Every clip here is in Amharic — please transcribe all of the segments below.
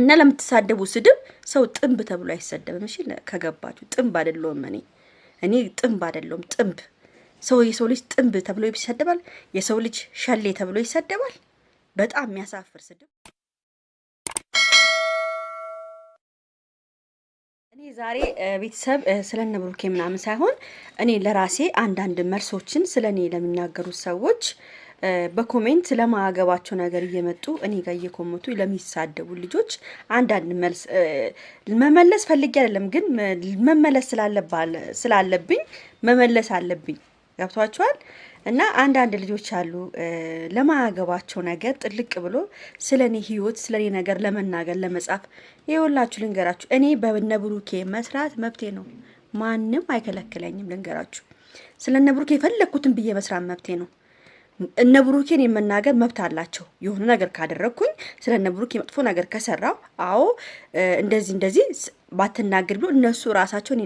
እና ለምትሳደቡ ስድብ ሰው ጥንብ ተብሎ አይሰደብም። እሺ ከገባችሁ፣ ጥንብ አይደለም እኔ እኔ ጥንብ አይደለም ጥንብ ሰው የሰው ልጅ ጥንብ ተብሎ ይሰደባል። የሰው ልጅ ሸሌ ተብሎ ይሰደባል። በጣም የሚያሳፍር ስድብ። እኔ ዛሬ ቤተሰብ ስለነ ብሩኬ ምናምን ሳይሆን እኔ ለራሴ አንዳንድ መልሶችን ስለ እኔ ለሚናገሩት ሰዎች በኮሜንት ለማያገባቸው ነገር እየመጡ እኔ ጋር እየኮመቱ ለሚሳደቡ ልጆች አንዳንድ መልስ መመለስ ፈልጌ አይደለም፣ ግን መመለስ ስላለብኝ መመለስ አለብኝ። ገብቷቸዋል። እና አንዳንድ ልጆች አሉ ለማያገባቸው ነገር ጥልቅ ብሎ ስለ እኔ ህይወት ስለ እኔ ነገር ለመናገር ለመጻፍ የወላችሁ ልንገራችሁ፣ እኔ በነብሩኬ መስራት መብቴ ነው። ማንም አይከለክለኝም። ልንገራችሁ ስለ ነብሩኬ የፈለግኩትን ብዬ መስራት መብቴ ነው። እነ ብሩኬን የመናገር መብት አላቸው። የሆነ ነገር ካደረግኩኝ ስለ እነ ብሩኬ መጥፎ ነገር ከሰራው፣ አዎ እንደዚህ እንደዚህ ባትናገር ብሎ እነሱ ራሳቸውን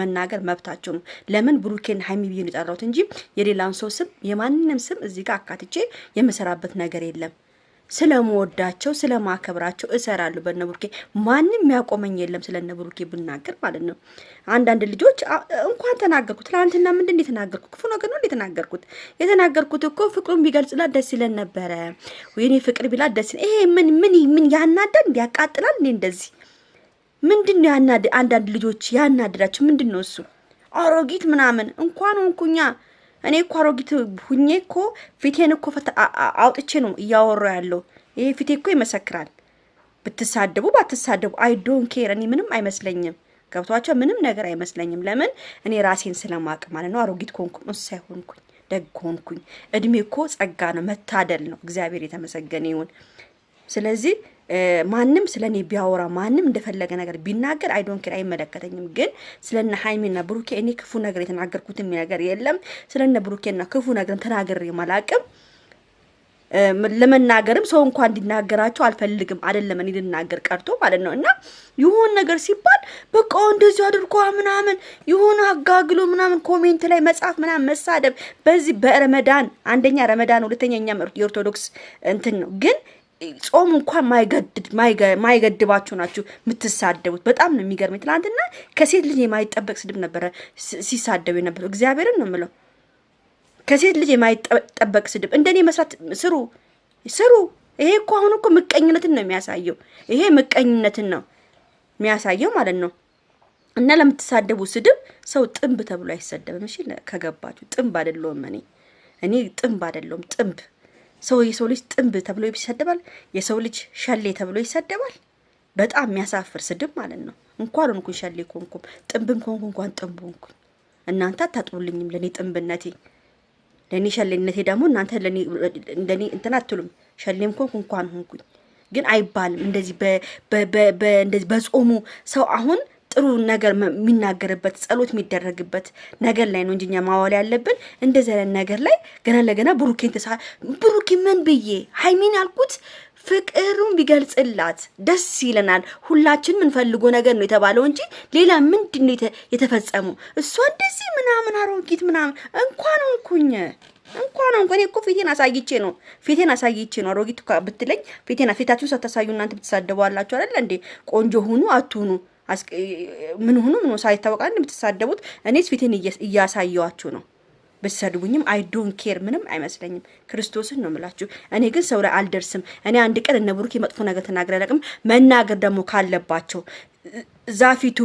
መናገር መብታቸው ነው። ለምን ብሩኬን ሀይሚ ብዬ ነው የጠራሁት እንጂ የሌላን ሰው ስም የማንም ስም እዚህ ጋር አካትቼ የምሰራበት ነገር የለም። ስለመወዳቸው ስለማከብራቸው እሰራለሁ። በነቡርኬ ማንም ያቆመኝ የለም። ስለነቡርኬ ብናገር ማለት ነው። አንዳንድ ልጆች እንኳን ተናገርኩት ትናንትና ምንድን የተናገርኩት ክፉ ነገር ነው የተናገርኩት። የተናገርኩት እኮ ፍቅሩን ቢገልጽላት ደስ ይለን ነበረ። ወይኔ ፍቅር ቢላት ደስ ይሄ ምን ምን ምን ያናዳል? ያቃጥላል። እኔ እንደዚህ ምንድን ነው ያናድ አንዳንድ ልጆች ያናደዳቸው ምንድን ነው እሱ አሮጊት ምናምን እንኳን ወንኩኛ እኔ እኮ አሮጊት ሁኜ እኮ ፊቴን እኮ አውጥቼ ነው እያወራ ያለው። ይሄ ፊቴ እኮ ይመሰክራል። ብትሳደቡ ባትሳደቡ አይ ዶን ኬር። እኔ ምንም አይመስለኝም። ገብቷቸው ምንም ነገር አይመስለኝም። ለምን እኔ ራሴን ስለማቅ ማለት ነው። አሮጊት ኮንኩ እንስሳ ይሆንኩኝ ደግ ሆንኩኝ። እድሜ እኮ ጸጋ ነው፣ መታደል ነው። እግዚአብሔር የተመሰገነ ይሁን። ስለዚህ ማንም ስለ እኔ ቢያወራ ማንም እንደፈለገ ነገር ቢናገር አይ ኬር አይመለከተኝም። ግን ስለነ ሀይሜና ብሩኬ እኔ ክፉ ነገር የተናገርኩትም ነገር የለም። ስለነ ብሩኬና ክፉ ነገርም ተናግሬ አላቅም። ለመናገርም ሰው እንኳን እንዲናገራቸው አልፈልግም። አይደለም እኔ ልናገር ቀርቶ ማለት ነው። እና ይሁን ነገር ሲባል በቃ እንደዚህ አድርጓ ምናምን ይሁን አጋግሎ ምናምን ኮሜንት ላይ መጻፍ ምናምን መሳደብ በዚህ በረመዳን አንደኛ ረመዳን፣ ሁለተኛ እኛም የኦርቶዶክስ እንትን ነው ግን ጾም እንኳን ማይገድባችሁ ናችሁ የምትሳደቡት። በጣም ነው የሚገርመኝ። ትናንትና ከሴት ልጅ የማይጠበቅ ስድብ ነበረ ሲሳደቡ የነበረው። እግዚአብሔርን ነው የምለው። ከሴት ልጅ የማይጠበቅ ስድብ። እንደኔ መስራት ስሩ ስሩ። ይሄ እኮ አሁን እኮ ምቀኝነትን ነው የሚያሳየው። ይሄ ምቀኝነትን ነው የሚያሳየው ማለት ነው። እና ለምትሳደቡ ስድብ ሰው ጥንብ ተብሎ አይሰደብም። እሺ ከገባችሁ ጥንብ አይደለሁም እኔ እኔ ጥንብ አይደለሁም ጥንብ ሰው የሰው ልጅ ጥንብ ተብሎ ይሰደባል። የሰው ልጅ ሸሌ ተብሎ ይሰደባል። በጣም የሚያሳፍር ስድብ ማለት ነው። እንኳን ሆንኩኝ ሸሌ ኮንኩም ጥንብም ኮንኩ እንኳን ጥንብ ሆንኩኝ። እናንተ አታጥቡልኝም ለእኔ ጥንብነቴ፣ ለእኔ ሸሌነቴ ደግሞ እናንተ እንደኔ እንትን አትሉም። ሸሌም ኮንኩ እንኳን ሆንኩኝ ግን አይባልም እንደዚህ በጾሙ ሰው አሁን ጥሩ ነገር የሚናገርበት ጸሎት የሚደረግበት ነገር ላይ ነው እንጂ እኛ ማዋል ያለብን እንደዚህ አይነት ነገር ላይ ገና ለገና ብሩኬን ተሳ ብሩኬ ምን ብዬ ሀይሚን ያልኩት ፍቅሩን ቢገልጽላት ደስ ይለናል። ሁላችን ምንፈልጎ ነገር ነው የተባለው እንጂ ሌላ ምንድን ነው የተፈጸሙ? እሷ እንደዚህ ምናምን አሮጊት ምናምን እንኳን እንኩኝ እንኳን እንኳን እኮ ፊቴን አሳይቼ ነው ፊቴን አሳይቼ ነው። አሮጊት ብትለኝ ፊቴን ፊታችሁን ሳታሳዩ እናንተ ብትሳደቧላችሁ አይደል እንዴ? ቆንጆ ሁኑ አትሁኑ ምን ሆኑ ምን ሳይታወቅ የምትሳደቡት? እኔስ ፊቴን እያሳየዋችሁ ነው። ብትሰድቡኝም አይ ዶን ኬር ምንም አይመስለኝም። ክርስቶስን ነው ምላችሁ። እኔ ግን ሰው ላይ አልደርስም። እኔ አንድ ቀን እነ ብሩክ የመጥፎ ነገር ተናግረ ለቅም መናገር ደግሞ ካለባቸው ዛፊቱ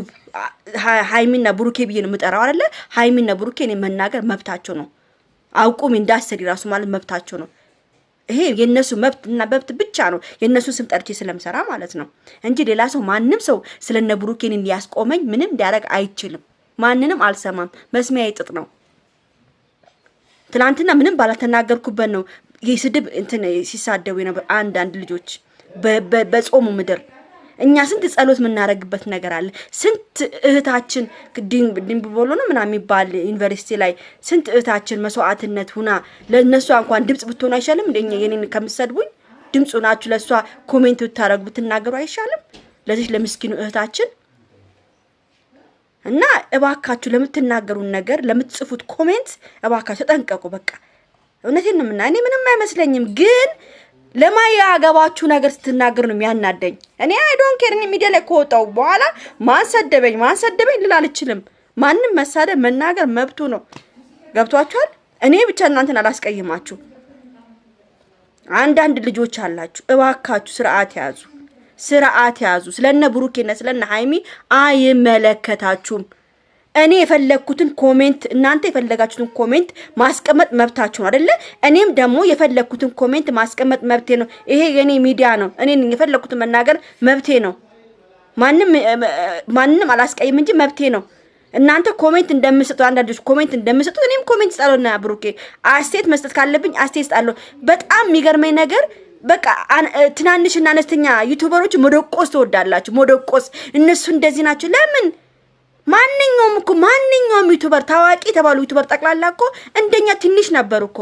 ሀይሚና ብሩኬ ብዬ ነው የምጠራው አለ ሀይሚና ብሩኬ እኔ መናገር መብታቸው ነው። አውቁም እንዳሰድ ራሱ ማለት መብታቸው ነው። ይሄ የነሱ መብትና መብት ብቻ ነው። የነሱ ስም ጠርቼ ስለምሰራ ማለት ነው እንጂ ሌላ ሰው ማንም ሰው ስለነ ብሩኬን ሊያስቆመኝ ምንም ሊያደርግ አይችልም። ማንንም አልሰማም። መስሚያ ይጥጥ ነው። ትናንትና ምንም ባላተናገርኩበት ነው የስድብ እንትን ሲሳደቡ የነበር አንዳንድ ልጆች በጾሙ ምድር እኛ ስንት ጸሎት የምናደርግበት ነገር አለ። ስንት እህታችን ድንብቦሎ ነው ምናምን የሚባል ዩኒቨርሲቲ ላይ ስንት እህታችን መስዋዕትነት ሁና ለእነሷ እንኳን ድምፅ ብትሆኑ አይሻልም? እንደ የኔን ከምትሰድቡኝ ድምፁ ናችሁ ለእሷ ኮሜንት ብታደረጉ ብትናገሩ አይሻልም? ለዚህ ለምስኪኑ እህታችን እና እባካችሁ ለምትናገሩን ነገር ለምትጽፉት ኮሜንት እባካችሁ ተጠንቀቁ። በቃ እውነቴን ነው እኔ ምንም አይመስለኝም ግን ለማያገባችሁ ነገር ስትናገር ነው የሚያናደኝ። እኔ አይ ዶንት ኬር ሚዲያ ላይ ከወጣው በኋላ ማሰደበኝ ማሰደበኝ ማን ልል አልችልም። ማንም መሳደብ መናገር መብቱ ነው። ገብቷችኋል? እኔ ብቻ እናንተን አላስቀይማችሁ። አንዳንድ ልጆች አላችሁ፣ እባካችሁ ስርዓት ያዙ፣ ስርዓት ያዙ። ስለነ ብሩኬና ስለነ ሀይሚ አይመለከታችሁም። እኔ የፈለግኩትን ኮሜንት እናንተ የፈለጋችሁትን ኮሜንት ማስቀመጥ መብታችሁ ነው አይደለ? እኔም ደግሞ የፈለግኩትን ኮሜንት ማስቀመጥ መብቴ ነው። ይሄ የኔ ሚዲያ ነው። እኔን የፈለግኩትን መናገር መብቴ ነው። ማንም ማንም አላስቀይም እንጂ መብቴ ነው። እናንተ ኮሜንት እንደምሰጡ አንዳንዶች ኮሜንት እንደምሰጡት እኔም ኮሜንት ስጣለሁና ብሩኬ አስቴት መስጠት ካለብኝ አስቴት ስጣለሁ። በጣም የሚገርመኝ ነገር በቃ ትናንሽና አነስተኛ ዩቱበሮች መደቆስ ትወዳላችሁ። መደቆስ እነሱ እንደዚህ ናቸው ለምን ማንኛውም እኮ ማንኛውም ዩቱበር ታዋቂ የተባሉ ዩቱበር ጠቅላላ እኮ እንደኛ ትንሽ ነበሩ እኮ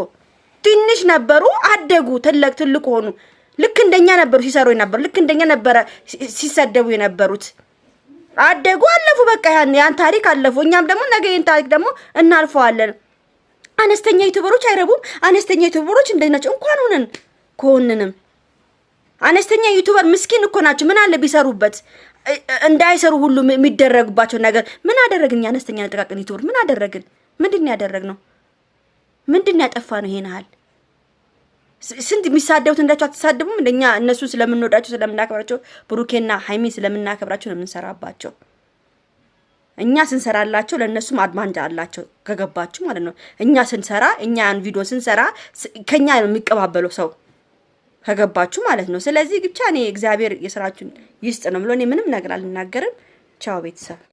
ትንሽ ነበሩ፣ አደጉ፣ ትልቅ ትልቁ ሆኑ። ልክ እንደኛ ነበሩ ሲሰሩ የነበሩ ልክ እንደኛ ነበረ ሲሰደቡ የነበሩት አደጉ፣ አለፉ። በቃ ያን ያን ታሪክ አለፉ። እኛም ደግሞ ነገ ይህን ታሪክ ደግሞ እናልፈዋለን። አነስተኛ ዩቱበሮች አይረቡም። አነስተኛ ዩቱበሮች እንደናቸው እንኳን ሆነን ከሆንንም አነስተኛ ዩቱበር ምስኪን እኮ ናቸው። ምን አለ ቢሰሩበት? እንዳይሰሩ ሁሉ የሚደረጉባቸው ነገር ምን አደረግን? የአነስተኛ ጥቃቅን ዩቱበር ምን አደረግን? ምንድን ያደረግ ነው? ምንድን ያጠፋ ነው? ይሄን ያህል ስንት የሚሳደቡት እንዳቸው አትሳደቡም? እንደኛ እነሱን ስለምንወዳቸው ስለምናከብራቸው፣ ብሩኬና ሀይሚ ስለምናከብራቸው ነው የምንሰራባቸው። እኛ ስንሰራላቸው ለእነሱም አድማንጃ አላቸው ከገባችሁ ማለት ነው። እኛ ስንሰራ እኛ ያን ቪዲዮ ስንሰራ ከኛ ነው የሚቀባበለው ሰው ከገባችሁ ማለት ነው። ስለዚህ ብቻ እኔ እግዚአብሔር የስራችሁን ይስጥ ነው ብሎ እኔ ምንም ነገር አልናገርም። ቻው ቤተሰብ።